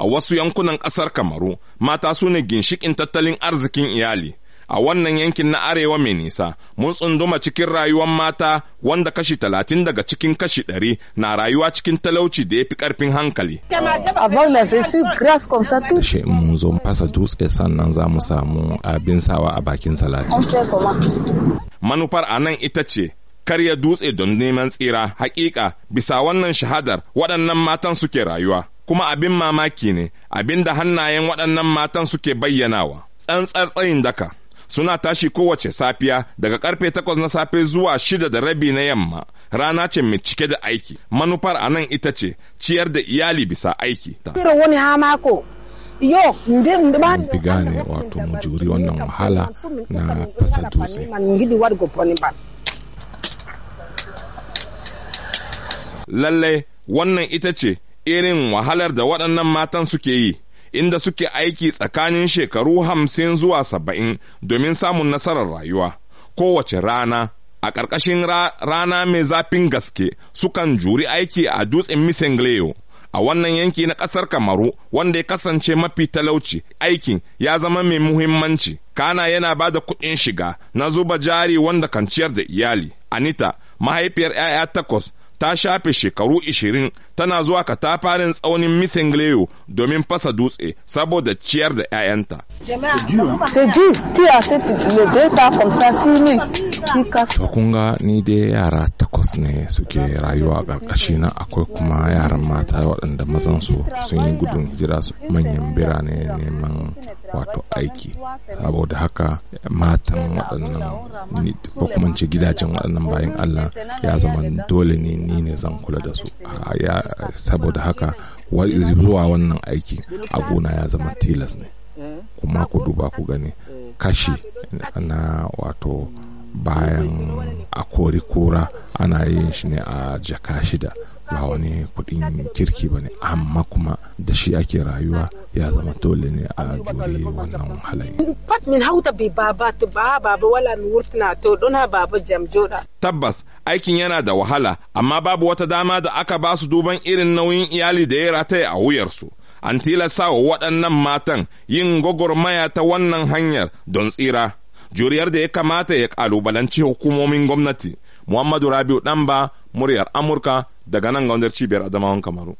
A wasu yankunan ƙasar Kamaru, mata su ne ginshiƙin tattalin arzikin iyali. A wannan yankin na arewa mai nisa, mun tsunduma cikin rayuwar mata wanda kashi talatin daga cikin kashi ɗari na rayuwa cikin talauci da ya fi ƙarfin hankali. Shi mun zo fasa dutse sannan za mu samu abin sawa a bakin salati. Manufar a nan ita ce, karya dutse don neman tsira, hakika bisa wannan shahadar waɗannan matan suke rayuwa. kuma abin mamaki ne abin da hannayen waɗannan matan suke bayyanawa tsayin daka suna tashi kowace safiya daga karfe takwas na safe zuwa shida da rabi na yamma rana ce mai cike da aiki manufar a nan ita ce ciyar da iyali bisa aiki wani ne wato mu juri wannan na fasa dutse lallai wannan ita ce irin wahalar da waɗannan matan suke yi, inda suke aiki tsakanin shekaru hamsin zuwa saba'in domin samun nasarar rayuwa. Kowace rana, a ƙarƙashin rana mai zafin gaske, sukan juri aiki a dutsen Misengleyo. a wannan yanki na ƙasar kamaru wanda ya kasance mafi talauci aikin ya zama mai muhimmanci kana yana ba da kuɗin shiga na zuba jari wanda kan ciyar da iyali anita mahaifiyar 'ya'ya takwas ta shafe shekaru ishirin tana zuwa katafarin tsaunin Misingleyo domin fasa dutse saboda ciyar da 'ya'yanta. to kun ga ni dai yara takwas ne suke rayuwa a ƙarƙashi na akwai kuma yaran mata waɗanda mazan su sun yi gudun hijira su manyan birane neman wato aiki saboda haka matan waɗannan ko kuma ce gidajen waɗannan bayan Allah ya zama dole ne ni ne zan kula da su saboda haka zuwa wannan aiki a gona ya zama tilas ne kuma ku duba ku gani kashi na wato bayan a kori kura ana yin shi ne a jaka shida ba wani kudin kirki ba ne amma kuma da shi ake rayuwa ya zama dole ne a jure wannan halayi. pat min hauta bi baba to ba baba wala mi wurtna to dona baba jam joda tabbas aikin yana da wahala amma babu wata dama da aka ba su duban irin nauyin iyali da ya rataye a wuyarsu an tilasa wa waɗannan matan yin gwagwarmaya ta wannan hanyar don tsira juriyar da ya kamata ya kalubalanci hukumomin gwamnati muhammadu rabiu ɗanba muryar amurka daga nan ga cibiyar adamawan kamaru